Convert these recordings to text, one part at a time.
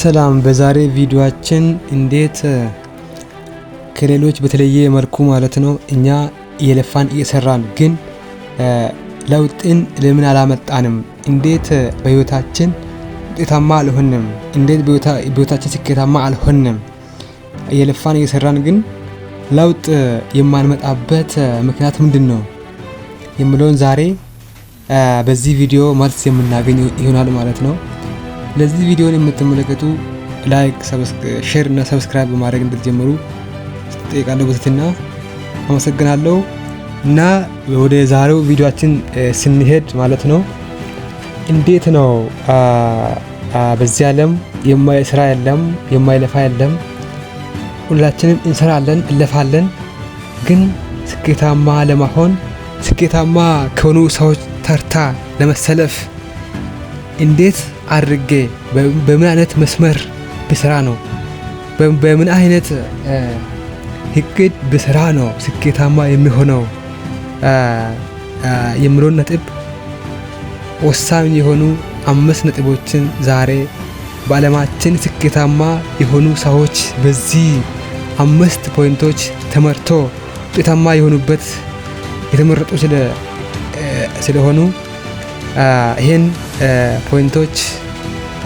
ሰላም በዛሬ ቪዲዮአችን እንዴት ከሌሎች በተለየ መልኩ ማለት ነው እኛ እየለፋን እየሰራን ግን ለውጥን ለምን አላመጣንም? እንዴት በህይወታችን ውጤታማ አልሆንም? እንዴት በህይወታችን ስኬታማ አልሆንም? እየለፋን እየሰራን ግን ለውጥ የማንመጣበት ምክንያት ምንድን ነው የምለውን ዛሬ በዚህ ቪዲዮ መልስ የምናገኝ ይሆናል ማለት ነው። ለዚህ ቪዲዮን የምትመለከቱ ላይክ፣ ሼር እና ሰብስክራይብ በማድረግ እንድትጀምሩ ጠይቃለሁ በትህትና አመሰግናለሁ። እና ወደ ዛሬው ቪዲዮአችን ስንሄድ ማለት ነው እንዴት ነው በዚህ ዓለም የማይስራ የለም፣ የማይለፋ የለም። ሁላችንም እንሰራለን፣ እንለፋለን። ግን ስኬታማ ለመሆን ስኬታማ ከሆኑ ሰዎች ተርታ ለመሰለፍ እንዴት አድርጌ በምን አይነት መስመር ብስራ ነው በምን አይነት እቅድ ብስራ ነው ስኬታማ የሚሆነው የሚለውን ነጥብ ወሳኝ የሆኑ አምስት ነጥቦችን ዛሬ በዓለማችን ስኬታማ የሆኑ ሰዎች በዚህ አምስት ፖይንቶች ተመርቶ ውጤታማ የሆኑበት የተመረጡ ስለሆኑ ይህን ፖይንቶች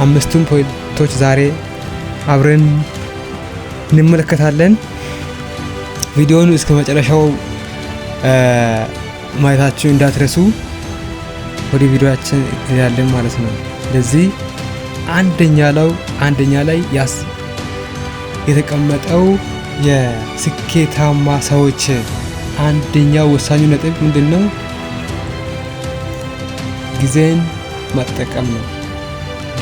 አምስቱን ፖይንቶች ዛሬ አብረን እንመለከታለን። ቪዲዮውን እስከ መጨረሻው ማየታችሁ እንዳትረሱ። ወደ ቪዲዮችን እንሄዳለን ማለት ነው። ስለዚህ አንደኛ ላይ አንደኛ ላይ የተቀመጠው የስኬታማ ሰዎች አንደኛው ወሳኙ ነጥብ ምንድን ነው? ጊዜን መጠቀም ነው።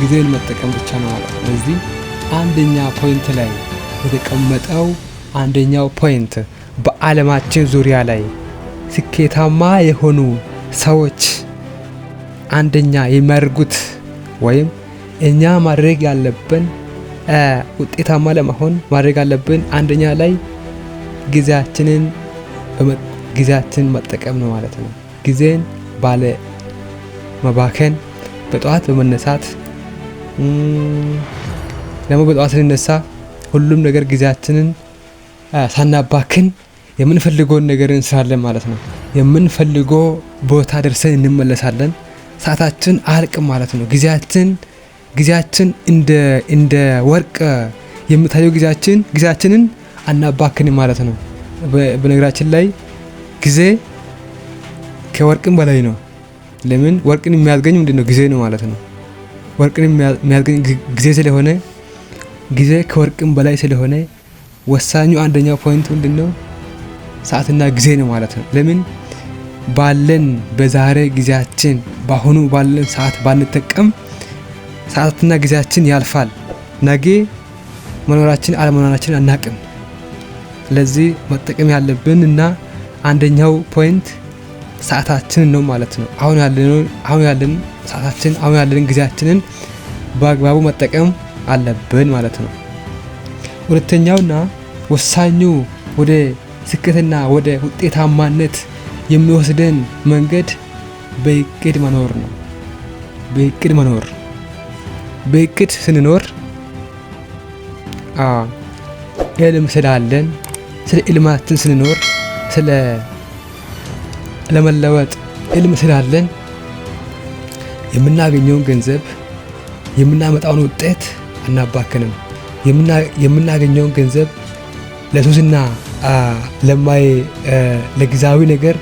ጊዜን መጠቀም ብቻ ነው ማለት ነው። ስለዚህ አንደኛ ፖይንት ላይ የተቀመጠው አንደኛው ፖይንት በዓለማችን ዙሪያ ላይ ስኬታማ የሆኑ ሰዎች አንደኛ የሚያደርጉት ወይም እኛ ማድረግ ያለብን ውጤታማ ለመሆን ማድረግ ያለብን አንደኛ ላይ ጊዜያችንን ጊዜያችን መጠቀም ነው ማለት ነው። ጊዜን ባለ መባከን በጠዋት በመነሳት ደግሞ በጠዋት ስንነሳ ሁሉም ነገር ጊዜያችንን ሳናባክን የምንፈልገውን ነገር እንስራለን ማለት ነው። የምንፈልገው ቦታ ደርሰን እንመለሳለን። ሰዓታችን አያልቅም ማለት ነው። ጊዜያችን ጊዜያችን እንደ እንደ ወርቅ የምታየው ጊዜያችን ጊዜያችንን አናባክን ማለት ነው። በነገራችን ላይ ጊዜ ከወርቅም በላይ ነው። ለምን ወርቅን የሚያስገኝ ምንድን ነው? ጊዜ ነው ማለት ነው። ወርቅን የሚያገኝ ጊዜ ስለሆነ ጊዜ ከወርቅም በላይ ስለሆነ ወሳኙ አንደኛው ፖይንት ምንድን ነው? ሰዓትና ጊዜ ነው ማለት ነው። ለምን ባለን በዛሬ ጊዜያችን በአሁኑ ባለን ሰዓት ባንጠቀም ሰዓትና ጊዜያችን ያልፋል። ነገ መኖራችን አለመኖራችን አናቅም። ስለዚህ መጠቀም ያለብን እና አንደኛው ፖይንት ሰዓታችን ነው ማለት ነው። አሁን ያለን ሰዓታችን አሁን ያለን ጊዜያችንን በአግባቡ መጠቀም አለብን ማለት ነው። ሁለተኛውና ወሳኙ ወደ ስኬትና ወደ ውጤታማነት የሚወስደን መንገድ በእቅድ መኖር ነው። በእቅድ መኖር በእቅድ ስንኖር እልም ስላለን ስለ እልማችን ስንኖር ስለ ለመለወጥ እልም ስላለን የምናገኘውን ገንዘብ የምናመጣውን ውጤት አናባክንም። የምናገኘውን ገንዘብ ለሱስና ለማይ ለጊዜያዊ ነገር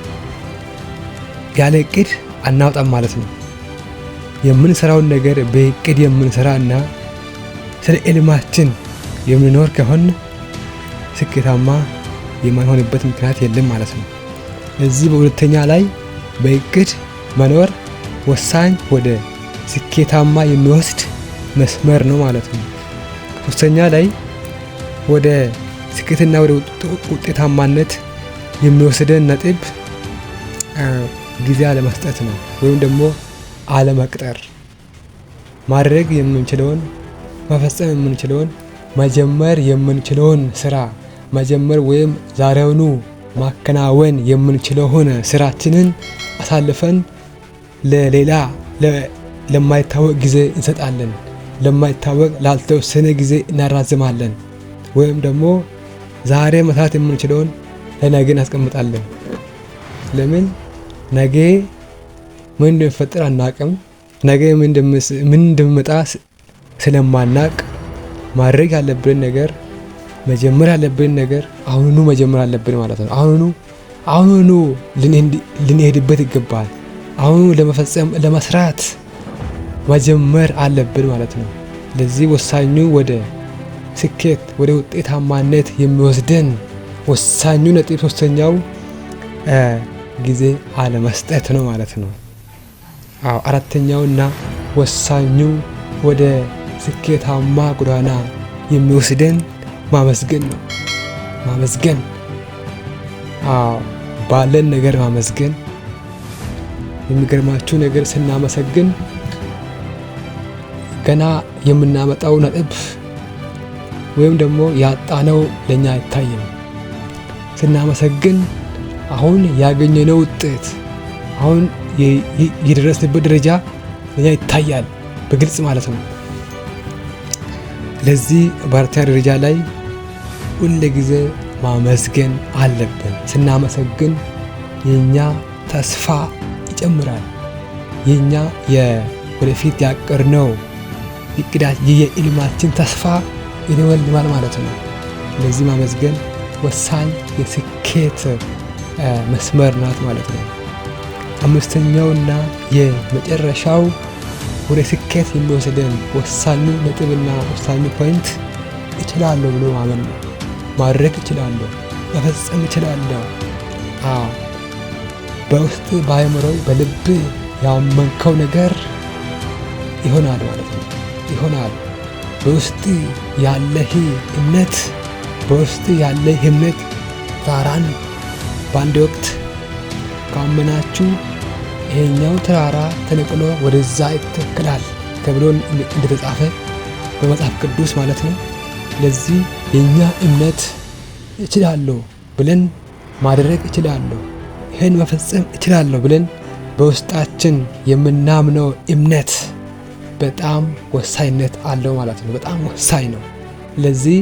ያለ እቅድ አናውጣም ማለት ነው። የምንሰራውን ነገር በእቅድ የምንሰራ እና ስለ ዕልማችን የምንኖር ከሆን ስኬታማ የማንሆንበት ምክንያት የለም ማለት ነው። እዚህ በሁለተኛ ላይ በእቅድ መኖር ወሳኝ ወደ ስኬታማ የሚወስድ መስመር ነው ማለት ነው። ሶስተኛ ላይ ወደ ስኬትና ወደ ውጤታማነት የሚወስደን ነጥብ ጊዜ አለመስጠት ነው፣ ወይም ደግሞ አለመቅጠር። ማድረግ የምንችለውን መፈጸም የምንችለውን መጀመር የምንችለውን ስራ መጀመር ወይም ዛሬውኑ ማከናወን የምንችለውን ስራችንን አሳልፈን ለሌላ ለማይታወቅ ጊዜ እንሰጣለን። ለማይታወቅ ላልተወሰነ ጊዜ እናራዝማለን። ወይም ደግሞ ዛሬ መስራት የምንችለውን ለነገ እናስቀምጣለን። ለምን ነገ ምን እንደሚፈጠር አናቅም። ነገ ምን እንደሚመጣ ስለማናቅ ማድረግ ያለብን ነገር መጀመር ያለብን ነገር አሁኑ መጀመር አለብን ማለት ነው። አሁኑ አሁኑ ልንሄድበት ይገባል። አሁኑ ለመፈጸም ለመስራት መጀመር አለብን ማለት ነው። ለዚህ ወሳኙ ወደ ስኬት ወደ ውጤታማነት የሚወስደን ወሳኙ ነጥብ ሶስተኛው ጊዜ አለመስጠት ነው ማለት ነው። አዎ አራተኛውና ወሳኙ ወደ ስኬታማ ጎዳና የሚወስደን ማመስገን ነው። ማመስገን አዎ ባለን ነገር ማመስገን የሚገርማችሁ ነገር ስናመሰግን ገና የምናመጣው ነጥብ ወይም ደግሞ ያጣነው ለእኛ አይታይም። ስናመሰግን አሁን ያገኘነው ውጤት አሁን የደረስንበት ደረጃ ለእኛ ይታያል በግልጽ ማለት ነው። ለዚህ በአራተኛ ደረጃ ላይ ሁል ጊዜ ማመስገን አለብን። ስናመሰግን የእኛ ተስፋ ይጨምራል። የእኛ የወደፊት ይቅዳት የልማችን ተስፋ ይንወልማል ማለት ነው። ለዚህ ማመዝገን ወሳኝ የስኬት መስመር ናት ማለት ነው። አምስተኛውና የመጨረሻው ወደ ስኬት የሚወስደን ወሳኙ ነጥብና ወሳኙ ፖይንት እችላለሁ ብሎ ማመን ነው። ማድረግ እችላለሁ፣ መፈጸም እችላለሁ። አዎ በውስጥ በአእምሮው በልብ ያመንከው ነገር ይሆናል ማለት ነው። ይሆናል በውስጥ ያለህ እምነት በውስጥ ያለህ እምነት ተራራን በአንድ ወቅት ካመናችሁ ይሄኛው ተራራ ተነቅሎ ወደዛ ይተክላል ተብሎ እንደተጻፈ በመጽሐፍ ቅዱስ ማለት ነው። ስለዚህ የእኛ እምነት እችላለሁ ብለን ማድረግ እችላለሁ ይህን መፈጸም እችላለሁ ብለን በውስጣችን የምናምነው እምነት በጣም ወሳኝነት አለው ማለት ነው። በጣም ወሳኝ ነው። ለዚህ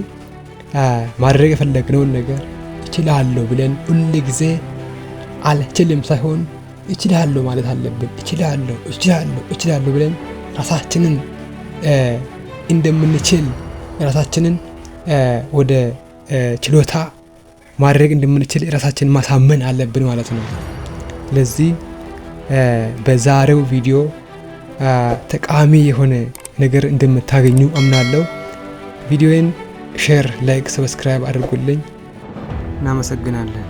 ማድረግ የፈለግነውን ነገር እችላለሁ ብለን ሁል ጊዜ አልችልም ሳይሆን እችላለሁ ማለት አለብን። እችላለሁ፣ እችላለሁ፣ እችላለሁ ብለን ራሳችንን እንደምንችል ራሳችንን ወደ ችሎታ ማድረግ እንደምንችል ራሳችን ማሳመን አለብን ማለት ነው። ስለዚህ በዛሬው ቪዲዮ ጠቃሚ የሆነ ነገር እንደምታገኙ አምናለሁ። ቪዲዮን ሼር፣ ላይክ፣ ሰብስክራይብ አድርጉልኝ። እናመሰግናለን።